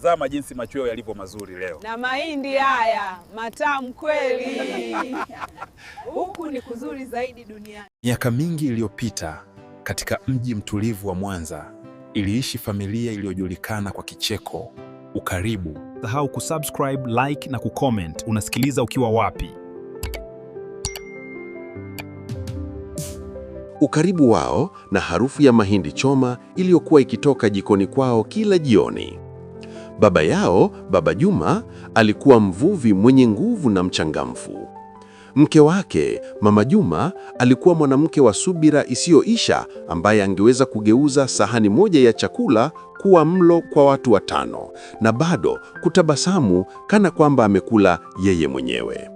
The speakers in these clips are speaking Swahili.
Tazama jinsi machweo yalivyo mazuri leo na mahindi haya matamu kweli. Huku ni kuzuri zaidi duniani. Miaka mingi iliyopita, katika mji mtulivu wa Mwanza iliishi familia iliyojulikana kwa kicheko, ukaribu. Sahau kusubscribe, like na kucomment. Unasikiliza ukiwa wapi? Ukaribu wao na harufu ya mahindi choma iliyokuwa ikitoka jikoni kwao kila jioni Baba yao, Baba Juma, alikuwa mvuvi mwenye nguvu na mchangamfu. Mke wake, Mama Juma, alikuwa mwanamke wa subira isiyoisha ambaye angeweza kugeuza sahani moja ya chakula kuwa mlo kwa watu watano na bado kutabasamu kana kwamba amekula yeye mwenyewe.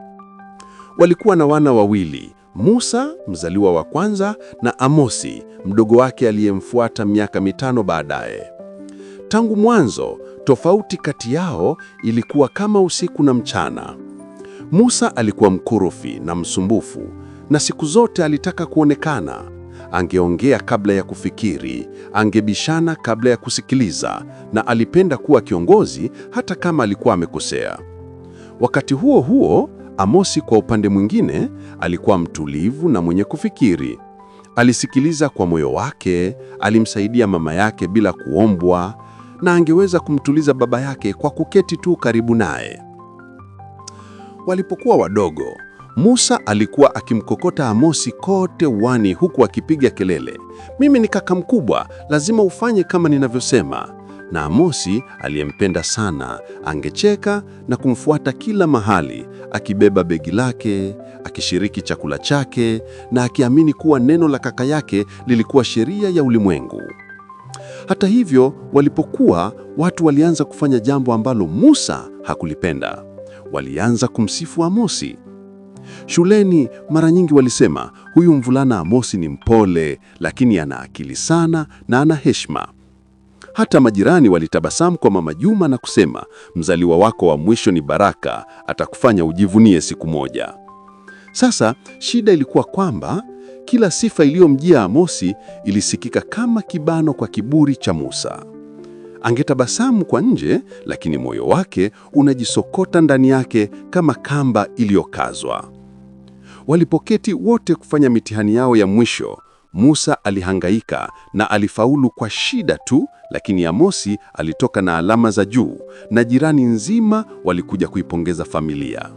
Walikuwa na wana wawili, Musa, mzaliwa wa kwanza, na Amosi, mdogo wake aliyemfuata miaka mitano baadaye. Tangu mwanzo, tofauti kati yao ilikuwa kama usiku na mchana. Musa alikuwa mkorofi na msumbufu, na siku zote alitaka kuonekana. Angeongea kabla ya kufikiri, angebishana kabla ya kusikiliza, na alipenda kuwa kiongozi hata kama alikuwa amekosea. Wakati huo huo, Amosi kwa upande mwingine alikuwa mtulivu na mwenye kufikiri. Alisikiliza kwa moyo wake, alimsaidia mama yake bila kuombwa, na angeweza kumtuliza baba yake kwa kuketi tu karibu naye. Walipokuwa wadogo, Musa alikuwa akimkokota Amosi kote uwani huku akipiga kelele, mimi ni kaka mkubwa, lazima ufanye kama ninavyosema. Na Amosi aliyempenda sana angecheka na kumfuata kila mahali, akibeba begi lake, akishiriki chakula chake na akiamini kuwa neno la kaka yake lilikuwa sheria ya ulimwengu. Hata hivyo, walipokuwa watu walianza kufanya jambo ambalo Musa hakulipenda. Walianza kumsifu Amosi. Shuleni mara nyingi walisema, huyu mvulana Amosi ni mpole, lakini ana akili sana na ana heshima. Hata majirani walitabasamu kwa Mama Juma na kusema, mzaliwa wako wa mwisho ni baraka, atakufanya ujivunie siku moja. Sasa shida ilikuwa kwamba kila sifa iliyomjia Amosi ilisikika kama kibano kwa kiburi cha Musa. Angetabasamu kwa nje, lakini moyo wake unajisokota ndani yake kama kamba iliyokazwa. Walipoketi wote kufanya mitihani yao ya mwisho, Musa alihangaika na alifaulu kwa shida tu, lakini Amosi alitoka na alama za juu, na jirani nzima walikuja kuipongeza familia.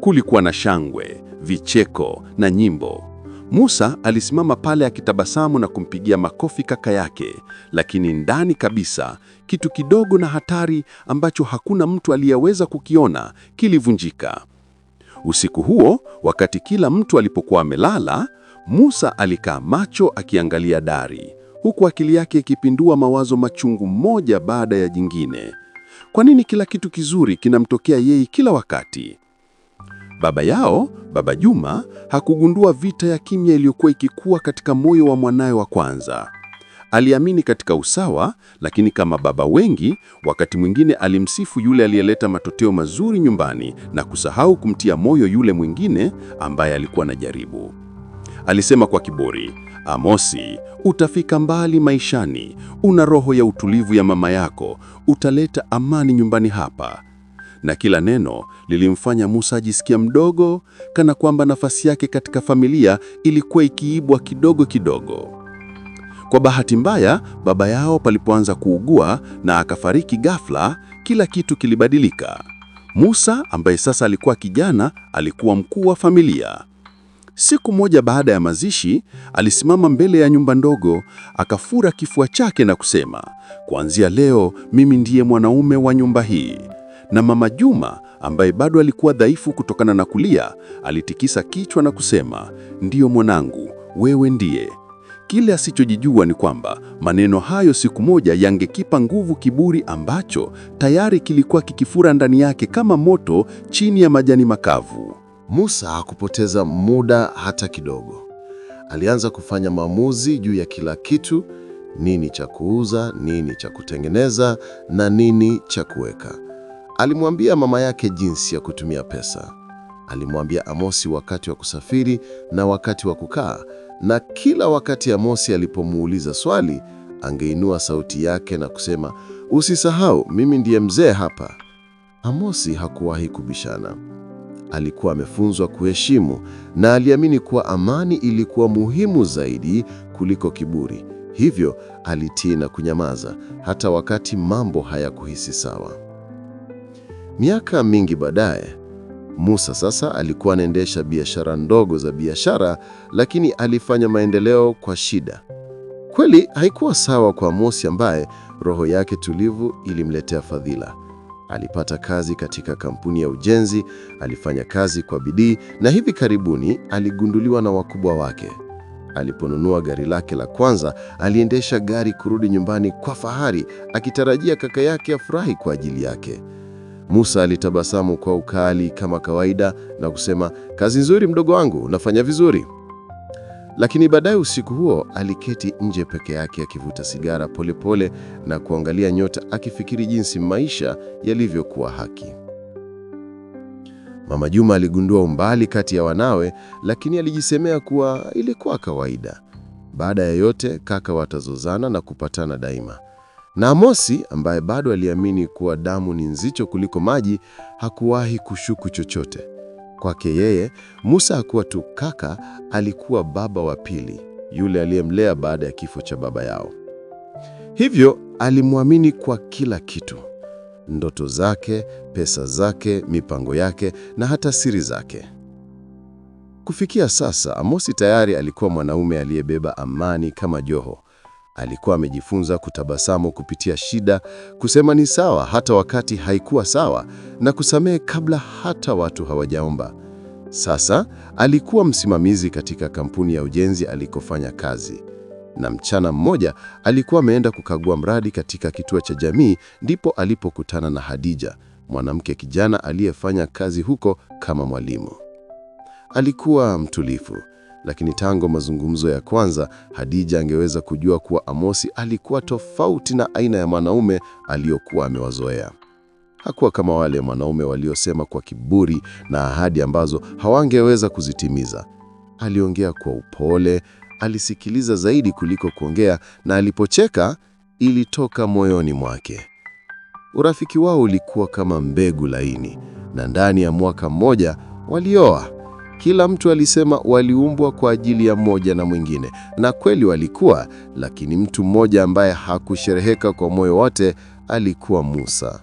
Kulikuwa na shangwe, vicheko na nyimbo. Musa alisimama pale akitabasamu na kumpigia makofi kaka yake, lakini ndani kabisa kitu kidogo na hatari ambacho hakuna mtu aliyeweza kukiona kilivunjika. Usiku huo, wakati kila mtu alipokuwa amelala, Musa alikaa macho akiangalia dari, huku akili yake ikipindua mawazo machungu moja baada ya jingine. Kwa nini kila kitu kizuri kinamtokea yeye kila wakati? Baba yao, Baba Juma, hakugundua vita ya kimya iliyokuwa ikikua katika moyo wa mwanawe wa kwanza. Aliamini katika usawa, lakini kama baba wengi, wakati mwingine alimsifu yule aliyeleta matokeo mazuri nyumbani na kusahau kumtia moyo yule mwingine ambaye alikuwa na jaribu. Alisema kwa kiburi, Amosi, utafika mbali maishani, una roho ya utulivu ya mama yako, utaleta amani nyumbani hapa na kila neno lilimfanya Musa ajisikia mdogo, kana kwamba nafasi yake katika familia ilikuwa ikiibwa kidogo kidogo. Kwa bahati mbaya, baba yao palipoanza kuugua na akafariki ghafla, kila kitu kilibadilika. Musa ambaye sasa alikuwa kijana, alikuwa mkuu wa familia. Siku moja baada ya mazishi, alisimama mbele ya nyumba ndogo, akafura kifua chake na kusema, kuanzia leo mimi ndiye mwanaume wa nyumba hii na Mama Juma ambaye bado alikuwa dhaifu kutokana na kulia, alitikisa kichwa na kusema, ndiyo mwanangu, wewe ndiye. Kile asichojijua ni kwamba maneno hayo siku moja yangekipa nguvu kiburi ambacho tayari kilikuwa kikifura ndani yake kama moto chini ya majani makavu. Musa hakupoteza muda hata kidogo. Alianza kufanya maamuzi juu ya kila kitu, nini cha kuuza, nini cha kutengeneza na nini cha kuweka. Alimwambia mama yake jinsi ya kutumia pesa. Alimwambia Amosi wakati wa kusafiri na wakati wa kukaa, na kila wakati Amosi alipomuuliza swali, angeinua sauti yake na kusema, usisahau mimi ndiye mzee hapa. Amosi hakuwahi kubishana. Alikuwa amefunzwa kuheshimu na aliamini kuwa amani ilikuwa muhimu zaidi kuliko kiburi. Hivyo alitii na kunyamaza hata wakati mambo hayakuhisi sawa. Miaka mingi baadaye, Musa sasa alikuwa anaendesha biashara ndogo za biashara, lakini alifanya maendeleo kwa shida. Kweli haikuwa sawa kwa mosi ambaye roho yake tulivu ilimletea fadhila. Alipata kazi katika kampuni ya ujenzi, alifanya kazi kwa bidii na hivi karibuni aligunduliwa na wakubwa wake. Aliponunua gari lake la kwanza, aliendesha gari kurudi nyumbani kwa fahari, akitarajia kaka yake afurahi kwa ajili yake. Musa alitabasamu kwa ukali kama kawaida na kusema, kazi nzuri mdogo wangu, unafanya vizuri. Lakini baadaye usiku huo aliketi nje peke yake akivuta sigara polepole pole na kuangalia nyota akifikiri jinsi maisha yalivyokuwa haki. Mama Juma aligundua umbali kati ya wanawe, lakini alijisemea kuwa ilikuwa kawaida. Baada ya yote, kaka watazozana na kupatana daima. Na Amosi ambaye bado aliamini kuwa damu ni nzito kuliko maji hakuwahi kushuku chochote. Kwake yeye, Musa hakuwa tu kaka, alikuwa baba wa pili, yule aliyemlea baada ya kifo cha baba yao. Hivyo alimwamini kwa kila kitu: ndoto zake, pesa zake, mipango yake na hata siri zake. Kufikia sasa, Amosi tayari alikuwa mwanaume aliyebeba amani kama joho. Alikuwa amejifunza kutabasamu kupitia shida, kusema ni sawa hata wakati haikuwa sawa, na kusamehe kabla hata watu hawajaomba. Sasa alikuwa msimamizi katika kampuni ya ujenzi alikofanya kazi, na mchana mmoja alikuwa ameenda kukagua mradi katika kituo cha jamii, ndipo alipokutana na Hadija, mwanamke kijana aliyefanya kazi huko kama mwalimu. Alikuwa mtulivu, lakini tangu mazungumzo ya kwanza Hadija angeweza kujua kuwa Amosi alikuwa tofauti na aina ya mwanaume aliyokuwa amewazoea. Hakuwa kama wale wanaume waliosema kwa kiburi na ahadi ambazo hawangeweza kuzitimiza. Aliongea kwa upole, alisikiliza zaidi kuliko kuongea, na alipocheka ilitoka moyoni mwake. Urafiki wao ulikuwa kama mbegu laini, na ndani ya mwaka mmoja walioa. Kila mtu alisema waliumbwa kwa ajili ya mmoja na mwingine, na kweli walikuwa, lakini mtu mmoja ambaye hakushereheka kwa moyo wote alikuwa Musa.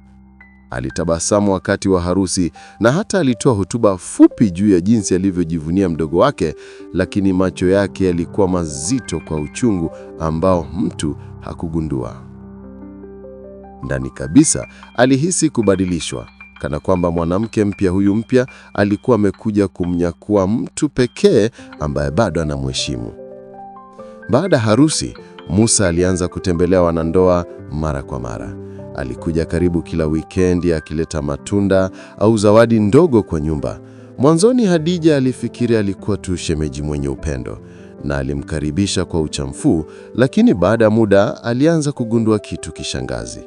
Alitabasamu wakati wa harusi na hata alitoa hotuba fupi juu ya jinsi alivyojivunia mdogo wake, lakini macho yake yalikuwa mazito kwa uchungu ambao mtu hakugundua. Ndani kabisa alihisi kubadilishwa kana kwamba mwanamke mpya huyu mpya alikuwa amekuja kumnyakua mtu pekee ambaye bado anamheshimu. Baada ya harusi, Musa alianza kutembelea wanandoa mara kwa mara. Alikuja karibu kila wikendi akileta matunda au zawadi ndogo kwa nyumba. Mwanzoni Hadija alifikiri alikuwa tu shemeji mwenye upendo na alimkaribisha kwa uchamfuu, lakini baada ya muda alianza kugundua kitu kishangazi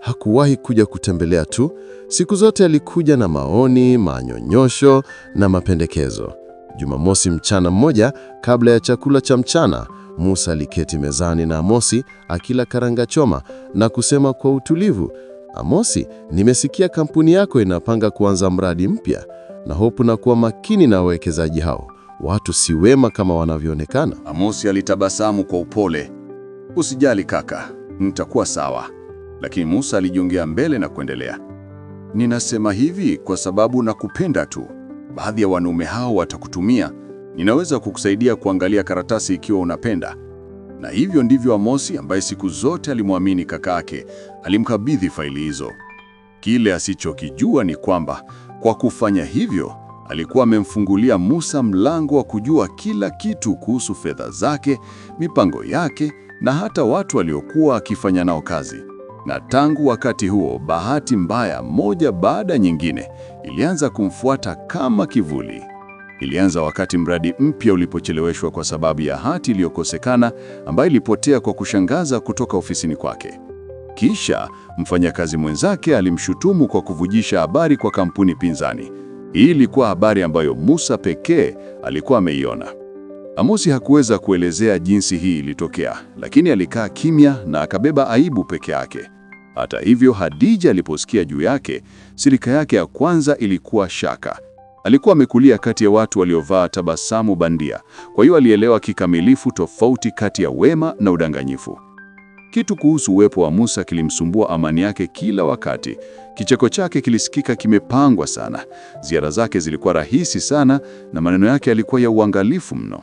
hakuwahi kuja kutembelea tu. Siku zote alikuja na maoni, manyonyosho na mapendekezo. Jumamosi mchana mmoja, kabla ya chakula cha mchana, Musa aliketi mezani na Amosi akila karanga choma na kusema kwa utulivu, Amosi, nimesikia kampuni yako inapanga kuanza mradi mpya. Na hopu na kuwa makini na wawekezaji hao, watu si wema kama wanavyoonekana. Amosi alitabasamu kwa upole. Usijali kaka, nitakuwa sawa. Lakini Musa alijiongea mbele na kuendelea, ninasema hivi kwa sababu nakupenda tu. Baadhi ya wanaume hao watakutumia, ninaweza kukusaidia kuangalia karatasi ikiwa unapenda. Na hivyo ndivyo Amosi, ambaye siku zote alimwamini kakake, alimkabidhi faili hizo. Kile asichokijua ni kwamba kwa kufanya hivyo alikuwa amemfungulia Musa mlango wa kujua kila kitu kuhusu fedha zake, mipango yake na hata watu aliokuwa akifanya nao kazi na tangu wakati huo bahati mbaya moja baada nyingine ilianza kumfuata kama kivuli. Ilianza wakati mradi mpya ulipocheleweshwa kwa sababu ya hati iliyokosekana ambayo ilipotea kwa kushangaza kutoka ofisini kwake. Kisha mfanyakazi mwenzake alimshutumu kwa kuvujisha habari kwa kampuni pinzani. Hii ilikuwa habari ambayo Musa pekee alikuwa ameiona. Amosi hakuweza kuelezea jinsi hii ilitokea, lakini alikaa kimya na akabeba aibu peke yake. Hata hivyo, Hadija aliposikia juu yake, silika yake ya kwanza ilikuwa shaka. Alikuwa amekulia kati ya watu waliovaa tabasamu bandia, kwa hiyo alielewa kikamilifu tofauti kati ya wema na udanganyifu. Kitu kuhusu uwepo wa Musa kilimsumbua amani yake kila wakati. Kicheko chake kilisikika kimepangwa sana, ziara zake zilikuwa rahisi sana, na maneno yake yalikuwa ya uangalifu mno.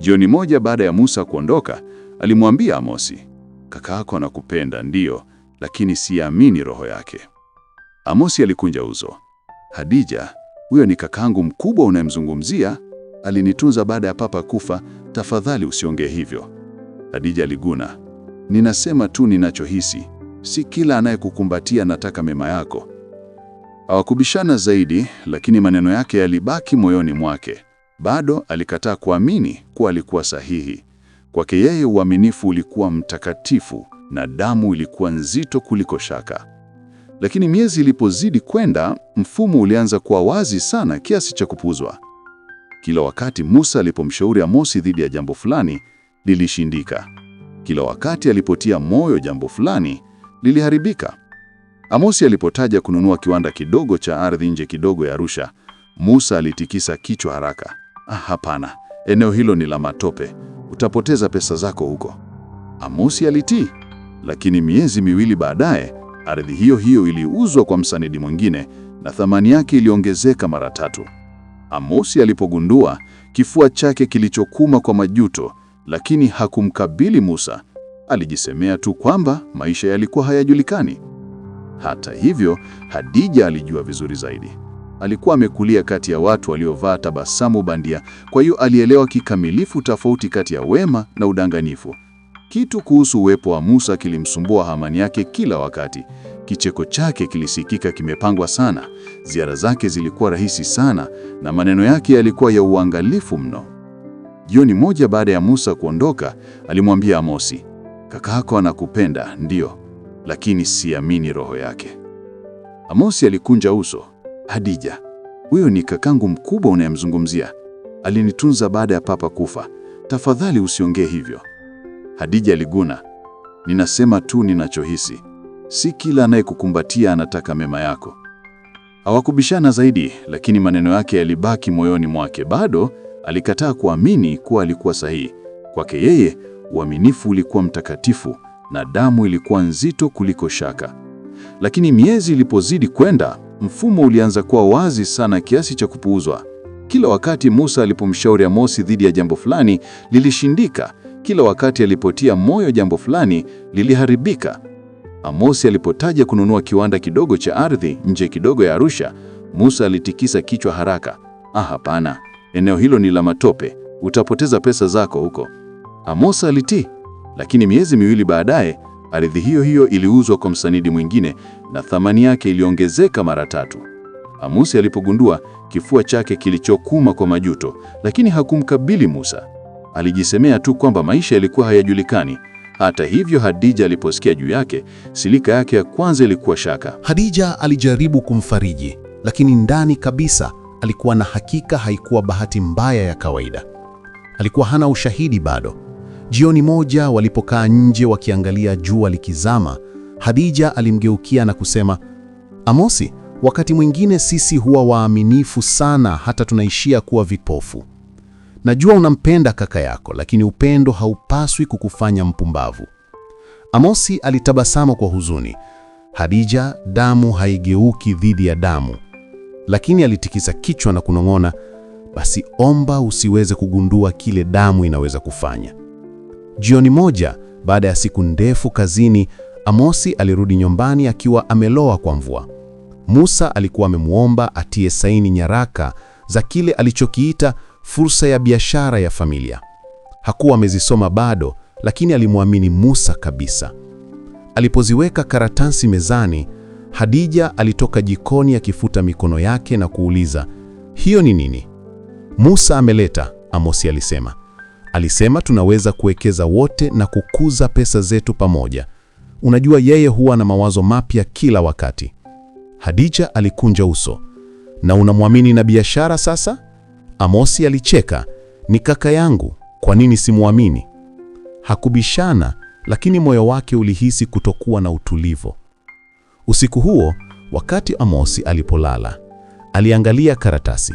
Jioni moja baada ya Musa kuondoka, alimwambia Amosi, kakaako anakupenda, ndiyo, lakini siamini roho yake. Amosi alikunja uso. Hadija, huyo ni kakangu mkubwa unayemzungumzia, alinitunza baada ya papa kufa. Tafadhali usiongee hivyo. Hadija aliguna. Ninasema tu ninachohisi, si kila anayekukumbatia nataka mema yako. Hawakubishana zaidi, lakini maneno yake yalibaki moyoni mwake. Bado alikataa kuamini kuwa alikuwa sahihi. Kwake yeye uaminifu ulikuwa mtakatifu na damu ilikuwa nzito kuliko shaka. Lakini miezi ilipozidi kwenda, mfumo ulianza kuwa wazi sana kiasi cha kupuzwa. Kila wakati Musa alipomshauri Amosi dhidi ya jambo fulani, lilishindika. Kila wakati alipotia moyo jambo fulani, liliharibika. Amosi alipotaja kununua kiwanda kidogo cha ardhi nje kidogo ya Arusha, Musa alitikisa kichwa haraka. Ah, hapana, eneo hilo ni la matope, utapoteza pesa zako huko. Amosi alitii lakini miezi miwili baadaye ardhi hiyo hiyo iliuzwa kwa msanidi mwingine na thamani yake iliongezeka mara tatu. Amosi alipogundua, kifua chake kilichokuma kwa majuto, lakini hakumkabili Musa. Alijisemea tu kwamba maisha yalikuwa hayajulikani. Hata hivyo, Hadija alijua vizuri zaidi. Alikuwa amekulia kati ya watu waliovaa tabasamu bandia, kwa hiyo alielewa kikamilifu tofauti kati ya wema na udanganyifu. Kitu kuhusu uwepo wa Musa kilimsumbua Hamani yake kila wakati. Kicheko chake kilisikika kimepangwa sana, ziara zake zilikuwa rahisi sana, na maneno yake yalikuwa ya uangalifu mno. Jioni moja baada ya Musa kuondoka, alimwambia Amosi, kakako anakupenda ndiyo, lakini siamini roho yake. Amosi alikunja uso. Hadija, huyo ni kakangu mkubwa unayemzungumzia. Alinitunza baada ya papa kufa. Tafadhali usiongee hivyo. Hadija Liguna, ninasema tu ninachohisi. Si kila anayekukumbatia anataka mema yako. Hawakubishana zaidi, lakini maneno yake yalibaki moyoni mwake. Bado alikataa kuamini kuwa alikuwa sahihi. Kwake yeye, uaminifu ulikuwa mtakatifu na damu ilikuwa nzito kuliko shaka. Lakini miezi ilipozidi kwenda, mfumo ulianza kuwa wazi sana kiasi cha kupuuzwa. Kila wakati Musa alipomshauri Amosi dhidi ya jambo fulani lilishindika, kila wakati alipotia moyo jambo fulani liliharibika. Amosi alipotaja kununua kiwanda kidogo cha ardhi nje kidogo ya Arusha, Musa alitikisa kichwa haraka. Ah, hapana, eneo hilo ni la matope, utapoteza pesa zako huko. Amosi alitii, lakini miezi miwili baadaye ardhi hiyo hiyo iliuzwa kwa msanidi mwingine na thamani yake iliongezeka mara tatu. Amosi alipogundua, kifua chake kilichokuma kwa majuto, lakini hakumkabili Musa. Alijisemea tu kwamba maisha yalikuwa hayajulikani. Hata hivyo, Hadija aliposikia juu yake, silika yake ya kwanza ilikuwa shaka. Hadija alijaribu kumfariji, lakini ndani kabisa alikuwa na hakika haikuwa bahati mbaya ya kawaida. Alikuwa hana ushahidi bado. Jioni moja walipokaa nje wakiangalia jua likizama, Hadija alimgeukia na kusema, Amosi, wakati mwingine sisi huwa waaminifu sana hata tunaishia kuwa vipofu. Najua unampenda kaka yako, lakini upendo haupaswi kukufanya mpumbavu. Amosi alitabasama kwa huzuni. Hadija, damu haigeuki dhidi ya damu. Lakini alitikisa kichwa na kunong'ona, basi omba usiweze kugundua kile damu inaweza kufanya. Jioni moja, baada ya siku ndefu kazini, Amosi alirudi nyumbani akiwa ameloa kwa mvua. Musa alikuwa amemwomba atie saini nyaraka za kile alichokiita fursa ya biashara ya familia. Hakuwa amezisoma bado, lakini alimwamini Musa kabisa. Alipoziweka karatasi mezani, Hadija alitoka jikoni akifuta mikono yake na kuuliza, hiyo ni nini? Musa ameleta, Amosi alisema. Alisema tunaweza kuwekeza wote na kukuza pesa zetu pamoja. Unajua yeye huwa na mawazo mapya kila wakati. Hadija alikunja uso. Na unamwamini na biashara sasa? Amosi alicheka, ni kaka yangu, kwa nini simwamini? Hakubishana, lakini moyo wake ulihisi kutokuwa na utulivu. Usiku huo, wakati Amosi alipolala, aliangalia karatasi.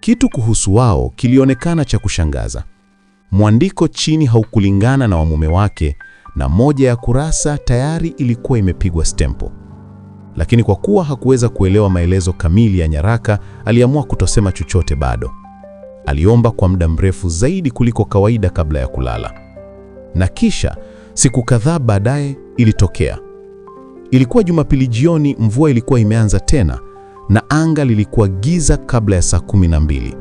Kitu kuhusu wao kilionekana cha kushangaza. Mwandiko chini haukulingana na wa mume wake, na moja ya kurasa tayari ilikuwa imepigwa stempo lakini kwa kuwa hakuweza kuelewa maelezo kamili ya nyaraka, aliamua kutosema chochote bado. Aliomba kwa muda mrefu zaidi kuliko kawaida kabla ya kulala. Na kisha siku kadhaa baadaye ilitokea. Ilikuwa Jumapili jioni, mvua ilikuwa imeanza tena na anga lilikuwa giza kabla ya saa kumi na mbili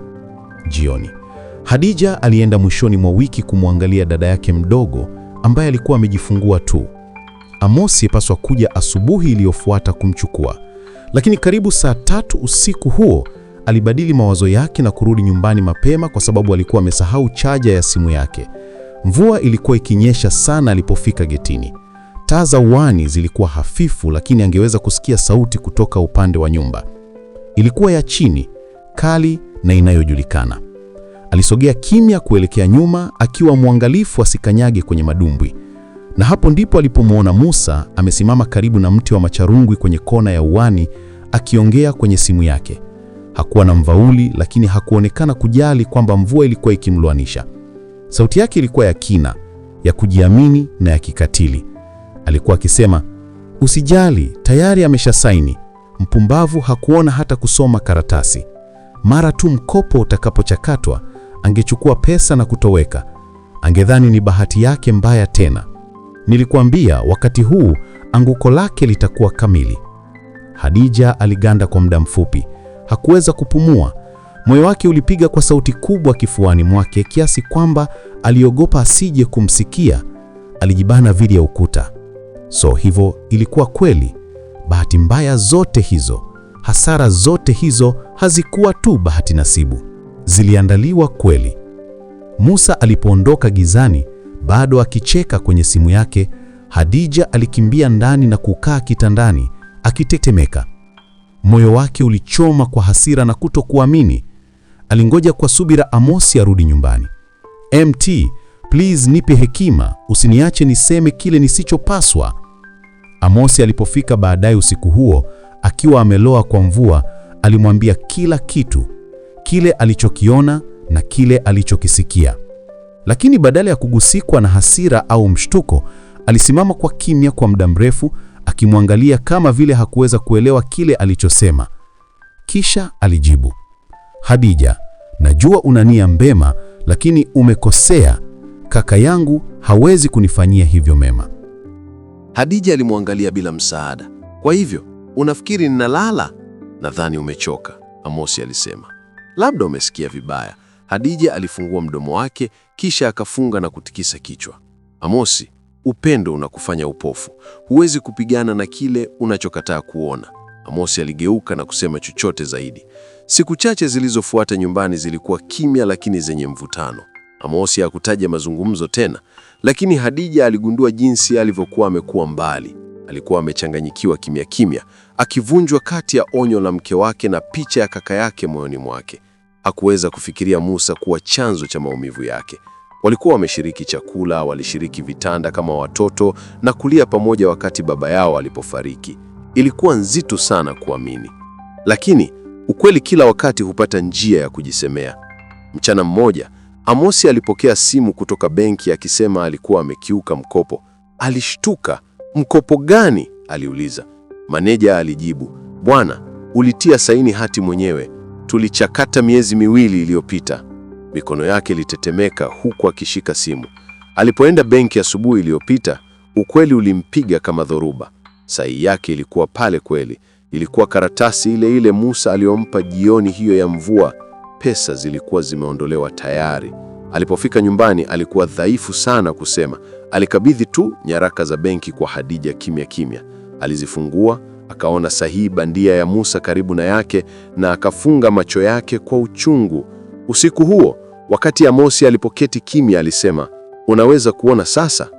jioni. Hadija alienda mwishoni mwa wiki kumwangalia dada yake mdogo ambaye alikuwa amejifungua tu. Amosi yapaswa kuja asubuhi iliyofuata kumchukua, lakini karibu saa tatu usiku huo alibadili mawazo yake na kurudi nyumbani mapema kwa sababu alikuwa amesahau chaja ya simu yake. Mvua ilikuwa ikinyesha sana alipofika getini. Taa za uani zilikuwa hafifu, lakini angeweza kusikia sauti kutoka upande wa nyumba. Ilikuwa ya chini, kali na inayojulikana. Alisogea kimya kuelekea nyuma, akiwa mwangalifu asikanyage kwenye madumbwi. Na hapo ndipo alipomwona Musa amesimama karibu na mti wa macharungwi kwenye kona ya uwani akiongea kwenye simu yake. Hakuwa na mvauli, lakini hakuonekana kujali kwamba mvua ilikuwa ikimlwanisha Sauti yake ilikuwa ya kina, ya kujiamini na ya kikatili. Alikuwa akisema, usijali, tayari ameshasaini. Mpumbavu hakuona hata kusoma karatasi. Mara tu mkopo utakapochakatwa, angechukua pesa na kutoweka. Angedhani ni bahati yake mbaya tena. Nilikuambia wakati huu anguko lake litakuwa kamili. Hadija aliganda kwa muda mfupi, hakuweza kupumua. Moyo wake ulipiga kwa sauti kubwa kifuani mwake kiasi kwamba aliogopa asije kumsikia. Alijibana dhidi ya ukuta. So hivyo ilikuwa kweli. Bahati mbaya zote hizo, hasara zote hizo hazikuwa tu bahati nasibu, ziliandaliwa kweli. Musa alipoondoka gizani bado akicheka kwenye simu yake, Hadija alikimbia ndani na kukaa kitandani akitetemeka. Moyo wake ulichoma kwa hasira na kutokuamini. Alingoja kwa subira Amosi arudi nyumbani. MT, please nipe hekima, usiniache niseme kile nisichopaswa. Amosi alipofika baadaye usiku huo akiwa ameloa kwa mvua, alimwambia kila kitu, kile alichokiona na kile alichokisikia. Lakini badala ya kugusikwa na hasira au mshtuko, alisimama kwa kimya kwa muda mrefu, akimwangalia kama vile hakuweza kuelewa kile alichosema. Kisha alijibu, hadija najua una nia mbema, lakini umekosea. Kaka yangu hawezi kunifanyia hivyo mema. hadija alimwangalia bila msaada. Kwa hivyo unafikiri ninalala? Nadhani umechoka, Amosi alisema. Labda umesikia vibaya. hadija alifungua mdomo wake kisha akafunga na kutikisa kichwa. Amosi, upendo unakufanya upofu, huwezi kupigana na kile unachokataa kuona. Amosi aligeuka na kusema chochote zaidi. Siku chache zilizofuata nyumbani zilikuwa kimya, lakini zenye mvutano. Amosi hakutaja mazungumzo tena, lakini Hadija aligundua jinsi alivyokuwa amekuwa mbali. Alikuwa amechanganyikiwa kimya kimya, akivunjwa kati ya onyo la mke wake na picha ya kaka yake moyoni mwake hakuweza kufikiria Musa kuwa chanzo cha maumivu yake. Walikuwa wameshiriki chakula, walishiriki vitanda kama watoto na kulia pamoja wakati baba yao alipofariki. Ilikuwa nzito sana kuamini, lakini ukweli kila wakati hupata njia ya kujisemea. Mchana mmoja, Amosi alipokea simu kutoka benki akisema alikuwa amekiuka mkopo. Alishtuka. Mkopo gani? aliuliza. Maneja alijibu, bwana, ulitia saini hati mwenyewe tulichakata miezi miwili iliyopita. Mikono yake ilitetemeka huku akishika simu. Alipoenda benki asubuhi iliyopita, ukweli ulimpiga kama dhoruba. Sahihi yake ilikuwa pale kweli, ilikuwa karatasi ile ile Musa aliyompa jioni hiyo ya mvua. Pesa zilikuwa zimeondolewa tayari. Alipofika nyumbani, alikuwa dhaifu sana kusema. Alikabidhi tu nyaraka za benki kwa Hadija kimya kimya. Alizifungua Akaona sahihi bandia ya Musa karibu na yake na akafunga macho yake kwa uchungu. Usiku huo, wakati Amosi alipoketi kimya, alisema, unaweza kuona sasa?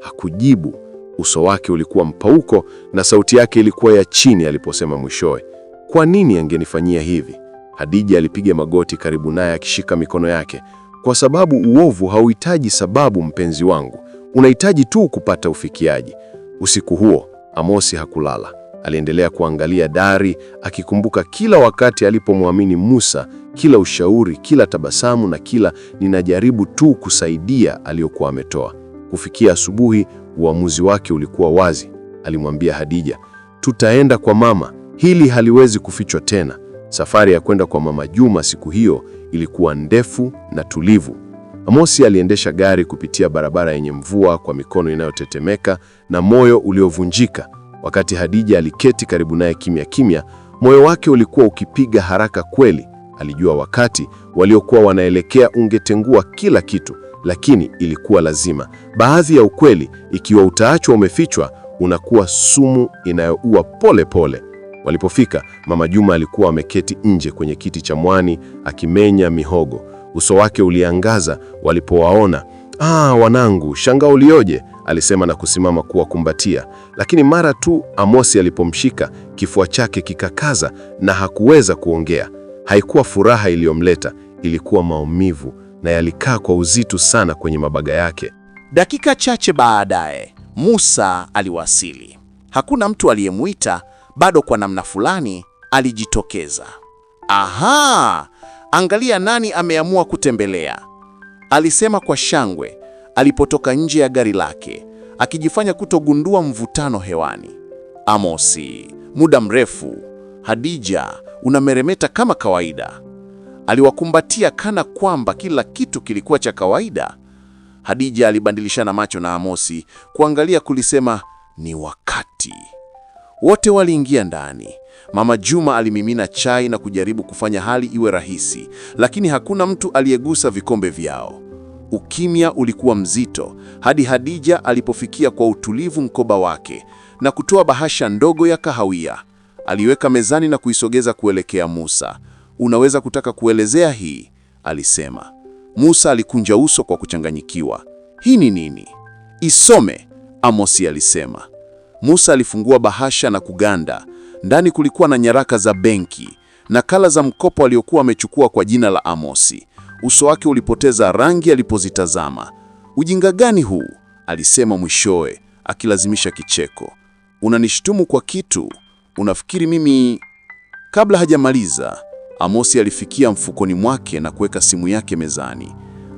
Hakujibu. Uso wake ulikuwa mpauko na sauti yake ilikuwa ya chini aliposema mwishowe, kwa nini angenifanyia hivi? Hadija alipiga magoti karibu naye akishika mikono yake. Kwa sababu uovu hauhitaji sababu, mpenzi wangu, unahitaji tu kupata ufikiaji. Usiku huo Amosi hakulala. Aliendelea kuangalia dari akikumbuka kila wakati alipomwamini Musa, kila ushauri, kila tabasamu na kila ninajaribu tu kusaidia aliyokuwa ametoa. Kufikia asubuhi, uamuzi wake ulikuwa wazi. Alimwambia Hadija, tutaenda kwa mama, hili haliwezi kufichwa tena. Safari ya kwenda kwa mama Juma siku hiyo ilikuwa ndefu na tulivu. Amosi aliendesha gari kupitia barabara yenye mvua kwa mikono inayotetemeka na moyo uliovunjika. Wakati Hadija aliketi karibu naye kimya kimya, moyo wake ulikuwa ukipiga haraka kweli. Alijua wakati waliokuwa wanaelekea ungetengua kila kitu, lakini ilikuwa lazima. Baadhi ya ukweli, ikiwa utaachwa umefichwa, unakuwa sumu inayoua pole pole. Walipofika, Mama Juma alikuwa ameketi nje kwenye kiti cha mwani akimenya mihogo. Uso wake uliangaza walipowaona. Ah, wanangu, shangao ulioje! alisema na kusimama kuwakumbatia, lakini mara tu Amosi alipomshika kifua chake kikakaza na hakuweza kuongea. Haikuwa furaha iliyomleta, ilikuwa maumivu na yalikaa kwa uzito sana kwenye mabaga yake. Dakika chache baadaye Musa aliwasili. Hakuna mtu aliyemwita bado, kwa namna fulani alijitokeza. Aha, angalia nani ameamua kutembelea, alisema kwa shangwe alipotoka nje ya gari lake akijifanya kutogundua mvutano hewani. Amosi, muda mrefu. Hadija, unameremeta kama kawaida. Aliwakumbatia kana kwamba kila kitu kilikuwa cha kawaida. Hadija alibadilishana macho na Amosi kuangalia kulisema ni wakati. Wote waliingia ndani. Mama Juma alimimina chai na kujaribu kufanya hali iwe rahisi, lakini hakuna mtu aliyegusa vikombe vyao. Ukimya ulikuwa mzito hadi Hadija alipofikia kwa utulivu mkoba wake na kutoa bahasha ndogo ya kahawia. Aliweka mezani na kuisogeza kuelekea Musa. Unaweza kutaka kuelezea hii? alisema. Musa alikunja uso kwa kuchanganyikiwa. Hii ni nini? Isome, Amosi alisema. Musa alifungua bahasha na kuganda. Ndani kulikuwa na nyaraka za benki, nakala za mkopo aliokuwa amechukua kwa jina la Amosi, Uso wake ulipoteza rangi alipozitazama. Ujinga gani huu? alisema mwishowe, akilazimisha kicheko. Unanishtumu kwa kitu? Unafikiri mimi... Kabla hajamaliza, Amosi alifikia mfukoni mwake na kuweka simu yake mezani.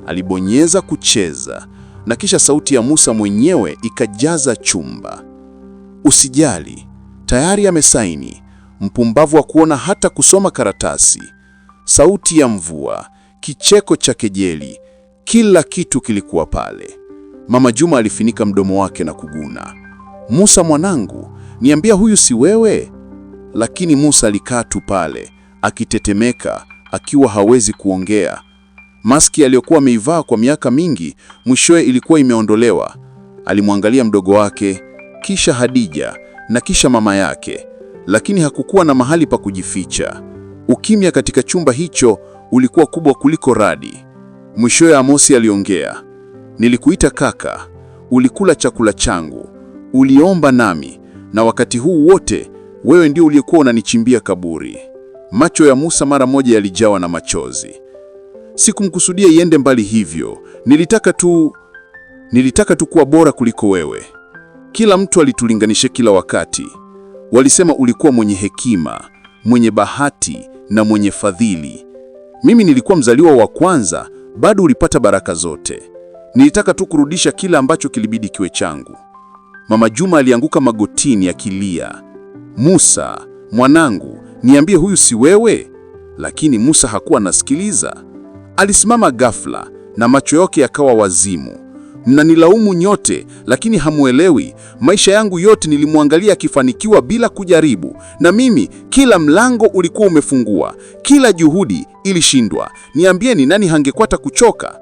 Alibonyeza kucheza na kisha sauti ya Musa mwenyewe ikajaza chumba. Usijali, tayari amesaini. Mpumbavu wa kuona hata kusoma karatasi. Sauti ya mvua kicheko cha kejeli. Kila kitu kilikuwa pale. Mama Juma alifinika mdomo wake na kuguna. Musa mwanangu, niambia huyu si wewe? Lakini Musa alikaa tu pale akitetemeka, akiwa hawezi kuongea. Maski aliyokuwa ameivaa kwa miaka mingi mwishowe ilikuwa imeondolewa. Alimwangalia mdogo wake, kisha Hadija na kisha mama yake, lakini hakukuwa na mahali pa kujificha. Ukimya katika chumba hicho ulikuwa kubwa kuliko radi. Mwishowe Amosi aliongea, nilikuita kaka, ulikula chakula changu, uliomba nami, na wakati huu wote wewe ndio uliyekuwa unanichimbia kaburi. Macho ya Musa mara moja yalijawa na machozi. Sikumkusudia iende mbali hivyo, nilitaka tu nilitaka tu kuwa bora kuliko wewe. Kila mtu alitulinganisha kila wakati, walisema ulikuwa mwenye hekima, mwenye bahati na mwenye fadhili, mimi nilikuwa mzaliwa wa kwanza, bado ulipata baraka zote. Nilitaka tu kurudisha kila ambacho kilibidi kiwe changu. Mama Juma alianguka magotini akilia, Musa mwanangu, niambie huyu si wewe? Lakini Musa hakuwa anasikiliza. Alisimama ghafla na macho yake yakawa wazimu. Mnanilaumu nyote, lakini hamuelewi. Maisha yangu yote nilimwangalia akifanikiwa bila kujaribu, na mimi kila mlango ulikuwa umefungua, kila juhudi ilishindwa. Niambieni, nani hangekwata kuchoka?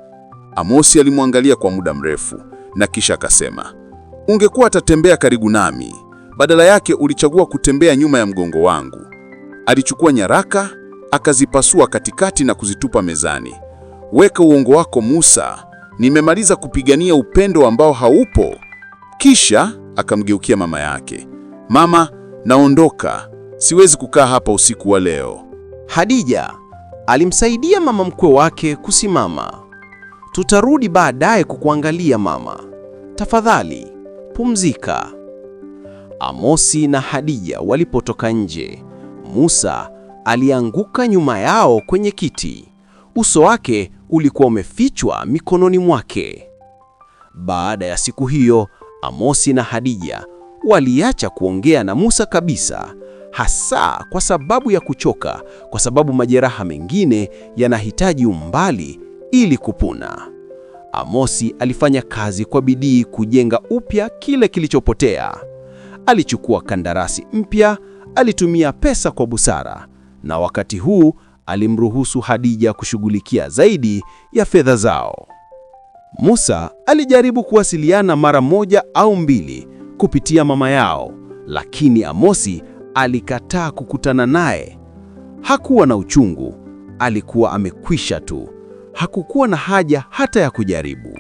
Amosi alimwangalia kwa muda mrefu na kisha akasema, ungekuwa atatembea karibu nami, badala yake ulichagua kutembea nyuma ya mgongo wangu. Alichukua nyaraka akazipasua katikati na kuzitupa mezani. Weka uongo wako Musa, nimemaliza kupigania upendo ambao haupo. Kisha akamgeukia mama yake, mama, naondoka, siwezi kukaa hapa usiku wa leo. Hadija alimsaidia mama mkwe wake kusimama. Tutarudi baadaye kukuangalia mama, tafadhali pumzika. Amosi na Hadija walipotoka nje, Musa alianguka nyuma yao kwenye kiti, uso wake ulikuwa umefichwa mikononi mwake. Baada ya siku hiyo, Amosi na Hadija waliacha kuongea na Musa kabisa, hasa kwa sababu ya kuchoka, kwa sababu majeraha mengine yanahitaji umbali ili kupuna Amosi alifanya kazi kwa bidii kujenga upya kile kilichopotea. Alichukua kandarasi mpya, alitumia pesa kwa busara, na wakati huu alimruhusu Hadija kushughulikia zaidi ya fedha zao. Musa alijaribu kuwasiliana mara moja au mbili kupitia mama yao, lakini Amosi alikataa kukutana naye. Hakuwa na uchungu, alikuwa amekwisha tu. Hakukuwa na haja hata ya kujaribu.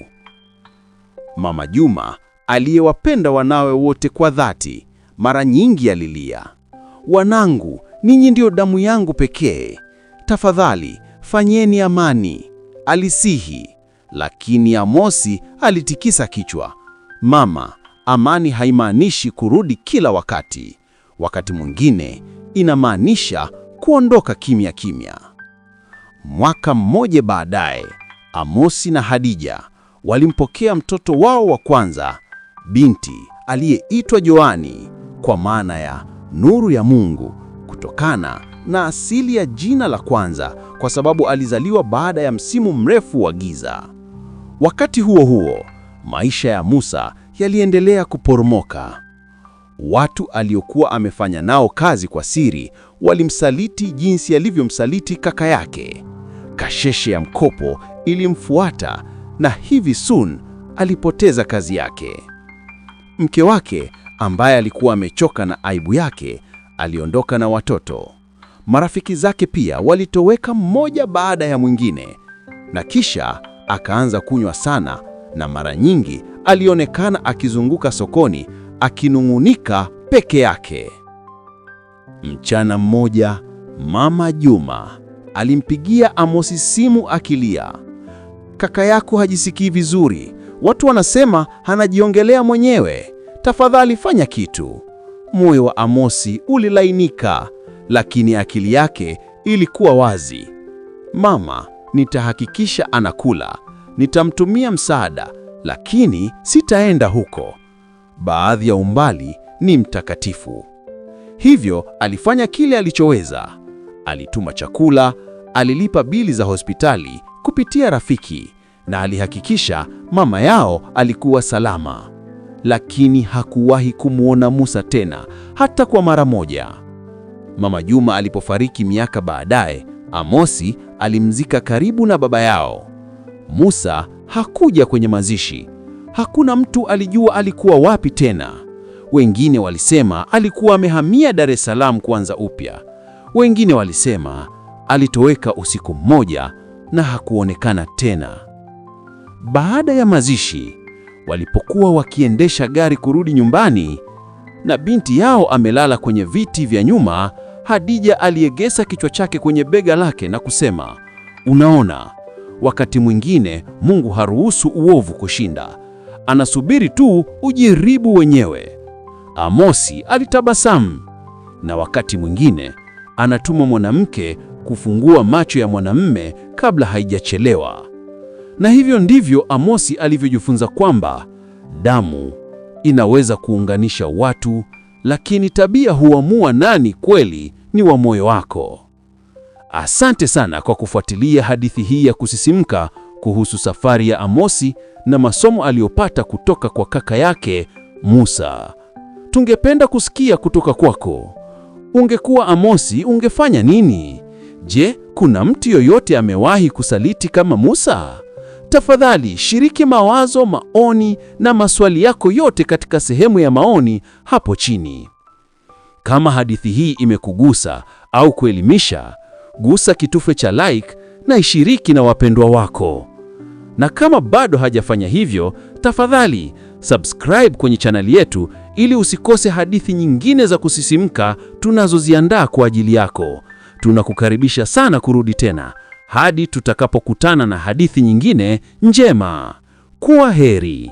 Mama Juma aliyewapenda wanawe wote kwa dhati, mara nyingi alilia, wanangu ninyi ndio damu yangu pekee, tafadhali fanyeni amani, alisihi. Lakini Amosi alitikisa kichwa. Mama, amani haimaanishi kurudi kila wakati. Wakati mwingine inamaanisha kuondoka kimya kimya. Mwaka mmoja baadaye, Amosi na Hadija walimpokea mtoto wao wa kwanza, binti aliyeitwa Joani kwa maana ya nuru ya Mungu, kutokana na asili ya jina la kwanza kwa sababu alizaliwa baada ya msimu mrefu wa giza. Wakati huo huo, maisha ya Musa yaliendelea kuporomoka. Watu aliokuwa amefanya nao kazi kwa siri walimsaliti jinsi alivyomsaliti kaka yake. Kasheshe ya mkopo ilimfuata na hivi soon alipoteza kazi yake. Mke wake ambaye alikuwa amechoka na aibu yake aliondoka na watoto. Marafiki zake pia walitoweka mmoja baada ya mwingine, na kisha akaanza kunywa sana, na mara nyingi alionekana akizunguka sokoni akinung'unika peke yake. Mchana mmoja, Mama Juma alimpigia Amosi simu akilia, kaka yako hajisikii vizuri, watu wanasema anajiongelea mwenyewe, tafadhali fanya kitu. Moyo wa Amosi ulilainika, lakini akili yake ilikuwa wazi. Mama, nitahakikisha anakula, nitamtumia msaada, lakini sitaenda huko. Baadhi ya umbali ni mtakatifu. Hivyo alifanya kile alichoweza. Alituma chakula, alilipa bili za hospitali kupitia rafiki na alihakikisha mama yao alikuwa salama. Lakini hakuwahi kumwona Musa tena hata kwa mara moja. Mama Juma alipofariki miaka baadaye, Amosi alimzika karibu na baba yao. Musa hakuja kwenye mazishi. Hakuna mtu alijua alikuwa wapi tena. Wengine walisema alikuwa amehamia Dar es Salaam kuanza upya. Wengine walisema alitoweka usiku mmoja na hakuonekana tena. Baada ya mazishi, walipokuwa wakiendesha gari kurudi nyumbani na binti yao amelala kwenye viti vya nyuma Hadija aliegesa kichwa chake kwenye bega lake na kusema, unaona, wakati mwingine Mungu haruhusu uovu kushinda, anasubiri tu ujiribu wenyewe. Amosi alitabasamu, na wakati mwingine anatuma mwanamke kufungua macho ya mwanamume kabla haijachelewa. Na hivyo ndivyo Amosi alivyojifunza kwamba damu inaweza kuunganisha watu, lakini tabia huamua nani kweli ni wa moyo wako. Asante sana kwa kufuatilia hadithi hii ya kusisimka kuhusu safari ya Amosi na masomo aliyopata kutoka kwa kaka yake Musa. Tungependa kusikia kutoka kwako. Ungekuwa Amosi, ungefanya nini? Je, kuna mtu yoyote amewahi kusaliti kama Musa? Tafadhali shiriki mawazo, maoni na maswali yako yote katika sehemu ya maoni hapo chini. Kama hadithi hii imekugusa au kuelimisha, gusa kitufe cha like na ishiriki na wapendwa wako. Na kama bado hajafanya hivyo, tafadhali subscribe kwenye chaneli yetu ili usikose hadithi nyingine za kusisimka tunazoziandaa kwa ajili yako. Tunakukaribisha sana kurudi tena hadi tutakapokutana na hadithi nyingine njema. Kuwa heri.